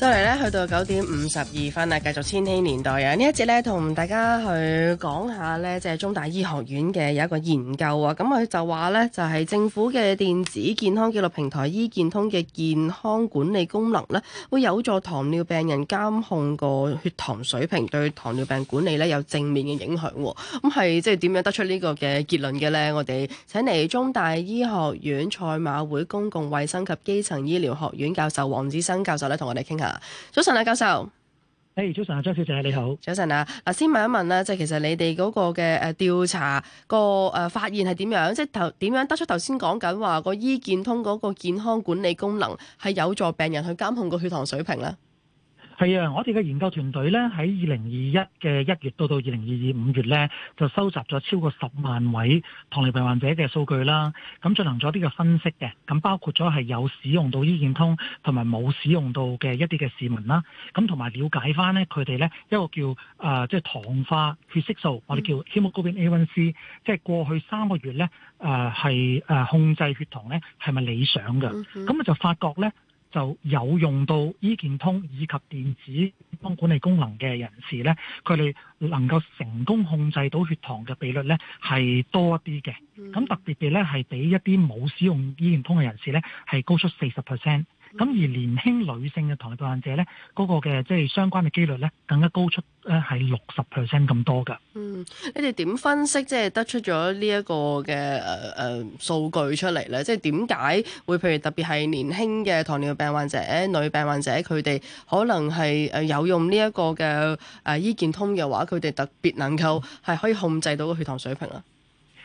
再嚟咧，去到九點五十二分啦，繼續《千禧年代》啊！呢一節咧，同大家去講下咧，即係中大醫學院嘅有一個研究啊。咁、嗯、佢就話咧，就係、是、政府嘅電子健康記錄平台醫健通嘅健康管理功能咧，會有助糖尿病人監控個血糖水平，對糖尿病管理咧有正面嘅影響。咁、嗯、係即係點樣得出這個的結論呢個嘅結論嘅咧？我哋請嚟中大醫學院賽馬會公共衛生及基層醫療學院教授黃至生教授咧，同我哋傾下。早晨啊，教授。誒、hey，早晨啊，張小姐，你好。早晨啊，嗱，先問一問啦，即係其實你哋嗰個嘅誒調查、嗰個誒發現係點樣？即係頭點樣得出頭先講緊話個醫健通嗰個健康管理功能係有助病人去監控個血糖水平咧？係啊，我哋嘅研究團隊咧，喺二零二一嘅一月到到二零二二五月咧，就收集咗超過十萬位糖尿病患者嘅數據啦。咁、嗯、進行咗啲嘅分析嘅，咁、嗯、包括咗係有使用到醫健通同埋冇使用到嘅一啲嘅市民啦。咁同埋了解翻咧，佢哋咧一個叫誒，即、呃、係、就是、糖化血色素，我哋叫 Hemoglobin A1C，即係過去三個月咧誒係誒控制血糖咧係咪理想嘅？咁啊、嗯、哼就發覺咧。就有用到醫健通以及電子幫管理功能嘅人士呢佢哋能夠成功控制到血糖嘅比率呢係多一啲嘅。咁特別地呢係比一啲冇使用醫健通嘅人士呢係高出四十 percent。咁而年輕女性嘅糖尿病患者咧，嗰個嘅即係相關嘅機率咧，更加高出咧係六十 percent 咁多㗎。嗯，你哋點分析即係得出咗呢一個嘅誒誒數據出嚟咧？即係點解會譬如特別係年輕嘅糖尿病患者、女病患者佢哋可能係誒有用呢一個嘅誒、呃、醫健通嘅話，佢哋特別能夠係可以控制到個血糖水平啊？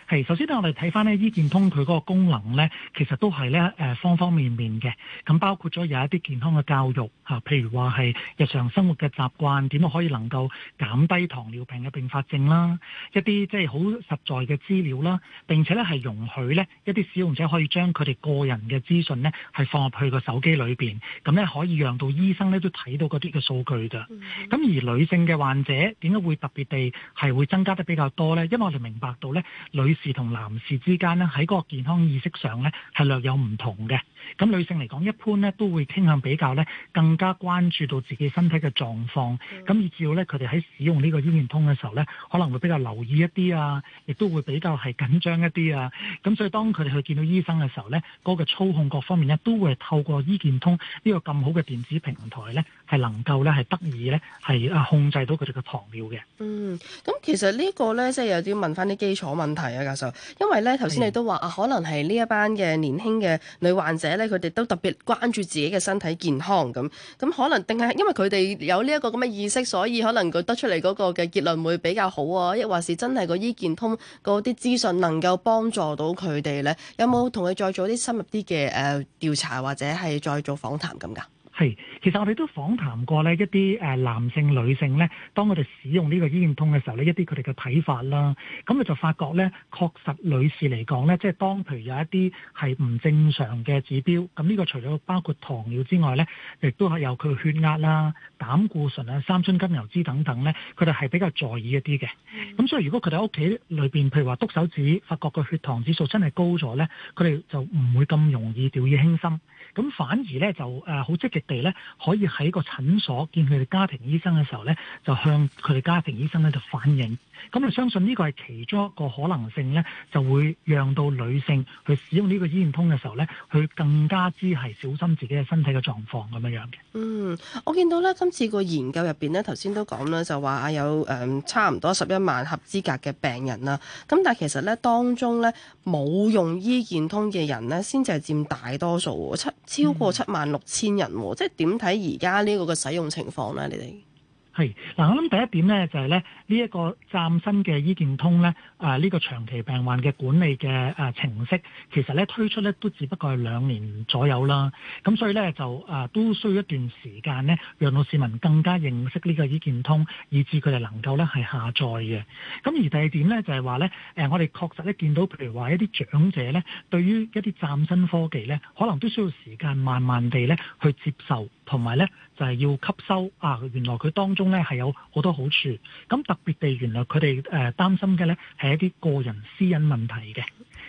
係，首先咧，我哋睇翻呢醫健通佢嗰個功能呢，其實都係呢誒，方方面面嘅。咁包括咗有一啲健康嘅教育嚇，譬如話係日常生活嘅習慣點都可以能夠減低糖尿病嘅併發症啦，一啲即係好實在嘅資料啦。並且呢係容許呢一啲使用者可以將佢哋個人嘅資訊呢係放入去個手機裏邊，咁呢可以讓到醫生呢都睇到嗰啲嘅數據㗎。咁、嗯、而女性嘅患者點解會特別地係會增加得比較多呢？因為我哋明白到呢。女。女士同男士之間呢，喺嗰個健康意識上呢，係略有唔同嘅。咁女性嚟講，一般呢都會傾向比較呢，更加關注到自己身體嘅狀況。咁、嗯、以至後呢，佢哋喺使用呢個醫健通嘅時候呢，可能會比較留意一啲啊，亦都會比較係緊張一啲啊。咁所以當佢哋去見到醫生嘅時候呢，嗰、嗰個操控各方面呢，都會透過醫健通呢個咁好嘅電子平台呢，係能夠呢，係得以呢，係啊控制到佢哋嘅糖尿嘅。嗯，咁其實呢個呢，即係有啲問翻啲基礎問題啊。教授，因為咧頭先你都話的啊，可能係呢一班嘅年輕嘅女患者咧，佢哋都特別關注自己嘅身體健康咁。咁可能定係因為佢哋有呢一個咁嘅意識，所以可能佢得出嚟嗰個嘅結論會比較好啊，抑或是真係個醫健通嗰啲資訊能夠幫助到佢哋咧，有冇同佢再做啲深入啲嘅誒調查或者係再做訪談咁噶？係，其實我哋都訪談過咧一啲男性、女性咧，當佢哋使用呢個醫健通嘅時候咧，一啲佢哋嘅睇法啦，咁佢就發覺咧，確實女士嚟講咧，即係當譬如有一啲係唔正常嘅指標，咁呢個除咗包括糖尿之外咧，亦都係有佢血壓啦、膽固醇啊、三酸甘油脂等等咧，佢哋係比較在意一啲嘅。咁、嗯、所以如果佢哋喺屋企裏面，譬如話篤手指，發覺個血糖指數真係高咗咧，佢哋就唔會咁容易掉以輕心。咁反而咧就誒好積極地咧，可以喺個診所見佢哋家庭醫生嘅時候咧，就向佢哋家庭醫生咧就反映。咁我相信呢個係其中一個可能性咧，就會讓到女性去使用呢個醫健通嘅時候咧，去更加之係小心自己嘅身體嘅狀況咁樣樣嘅。嗯，我見到咧，今次個研究入面呢，咧，頭先都講啦，就話有誒、嗯、差唔多十一萬合資格嘅病人啦。咁但係其實咧，當中咧冇用醫健通嘅人咧，先至係佔大多數。七超過七萬六千人，嗯、即係點睇而家呢個嘅使用情況咧？你哋。係嗱，我諗第一點咧就係咧呢一個嶄新嘅醫健通咧，啊、這、呢個長期病患嘅管理嘅啊程式，其實咧推出咧都只不過係兩年左右啦，咁所以咧就啊都需要一段時間咧，讓到市民更加認識呢個醫健通，以至佢哋能夠咧係下載嘅。咁而第二點咧就係話咧，誒我哋確實咧見到譬如話一啲長者咧，對於一啲嶄新科技咧，可能都需要時間慢慢地咧去接受。同埋呢，就係要吸收啊！原來佢當中呢係有好多好處。咁特別地，原來佢哋誒擔心嘅呢係一啲個人私隱問題嘅。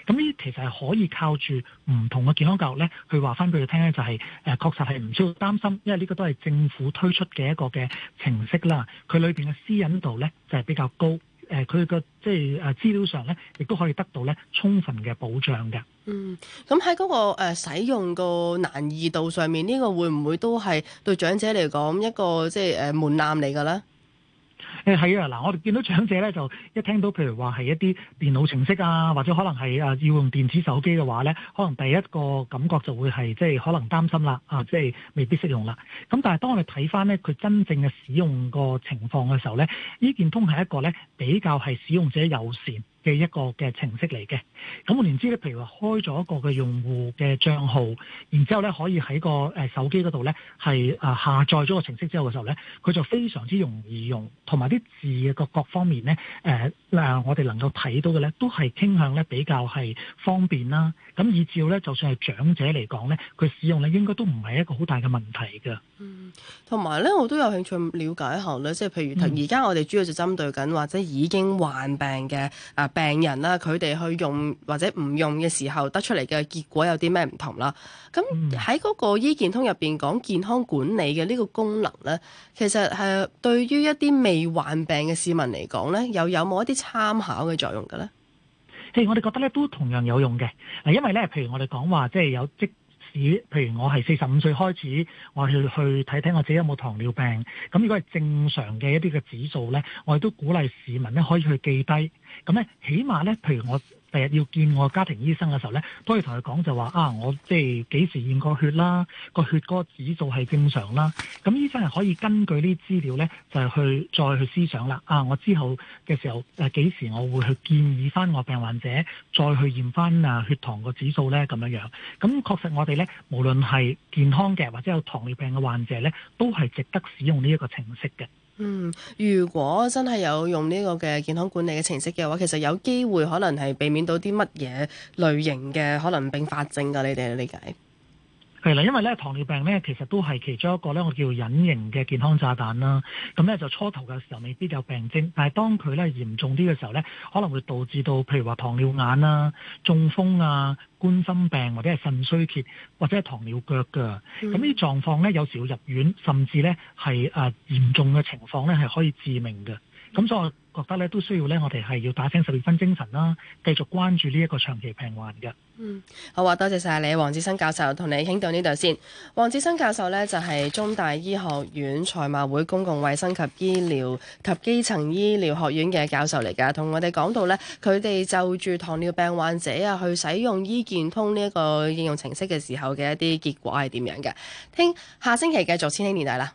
咁呢其實係可以靠住唔同嘅健康教育呢去話翻俾佢聽呢就係誒確實係唔需要擔心，因為呢個都係政府推出嘅一個嘅程式啦。佢裏面嘅私隱度呢，就係比較高。誒佢個即係誒資料上咧，亦都可以得到咧充分嘅保障嘅。嗯，咁喺嗰個誒使用個難易度上面，呢個會唔會都係對長者嚟講一個即係誒門檻嚟嘅咧？誒係、嗯、啊！嗱，我哋見到長者咧，就一聽到譬如話係一啲電腦程式啊，或者可能係誒要用電子手機嘅話咧，可能第一個感覺就會係即係可能擔心啦啊！即係未必適用啦。咁但係當我哋睇翻咧，佢真正嘅使用個情況嘅時候咧，醫健通係一個咧比較係使用者友善嘅一個嘅程式嚟嘅，咁我哋知咧，譬如話開咗一個嘅用戶嘅帳號，然之後咧可以喺個誒手機嗰度咧係啊下載咗個程式之後嘅時候咧，佢就非常之容易用，同埋啲字嘅各各方面咧誒嗱，我哋能夠睇到嘅咧都係傾向咧比較係方便啦。咁以照咧，就算係長者嚟講咧，佢使用咧應該都唔係一個好大嘅問題嘅。嗯，同埋咧我都有興趣了解一下咧，即係譬如而家，嗯，我哋主要就針對緊或者已經患病嘅啊。病人啦、啊，佢哋去用或者唔用嘅時候，得出嚟嘅結果有啲咩唔同啦？咁喺嗰個醫健通入邊講健康管理嘅呢個功能咧，其實係對於一啲未患病嘅市民嚟講咧，又有冇一啲參考嘅作用嘅咧？即係我哋覺得咧，都同樣有用嘅。啊，因為咧，譬如我哋講話即係有職。譬如，我係四十五歲開始，我去去睇睇我自己有冇糖尿病。咁如果係正常嘅一啲嘅指數呢，我亦都鼓勵市民呢可以去記低。咁呢，起碼呢，譬如我。第日要見我家庭醫生嘅時候呢，都要同佢講就話啊，我即係幾時驗過血啦，個血個指數係正常啦。咁醫生係可以根據呢資料呢，就係去再去思想啦。啊，我之後嘅時候誒，幾時我會去建議翻我病患者再去驗翻啊血糖個指數呢？咁樣樣。咁確實我哋呢，無論係健康嘅或者有糖尿病嘅患者呢，都係值得使用呢一個程式嘅。嗯，如果真係有用呢個嘅健康管理嘅程式嘅話，其實有機會可能係避免到啲乜嘢類型嘅可能併發症噶，你哋理解？係啦，因為咧糖尿病咧其實都係其中一個咧我叫隱形嘅健康炸彈啦。咁咧就初頭嘅時候未必有病徵，但係當佢咧嚴重啲嘅時候咧，可能會導致到譬如話糖尿眼啦、啊、中風啊、冠心病或者係腎衰竭或者係糖尿腳㗎。咁呢啲狀況咧有時要入院，甚至咧係啊嚴重嘅情況咧係可以致命嘅。咁、嗯、所以，我覺得咧都需要咧，我哋係要打醒十二分精神啦，繼續關注呢一個長期病患嘅。嗯，好啊，多謝晒你，黃至生教授，同你傾到呢度先。黃至生教授咧就係、是、中大醫學院賽馬會公共衛生及醫療及基層醫療學院嘅教授嚟噶，同我哋講到咧，佢哋就住糖尿病患者啊，去使用醫健通呢一個應用程式嘅時候嘅一啲結果係點樣嘅？聽下星期繼續千禧年代啦。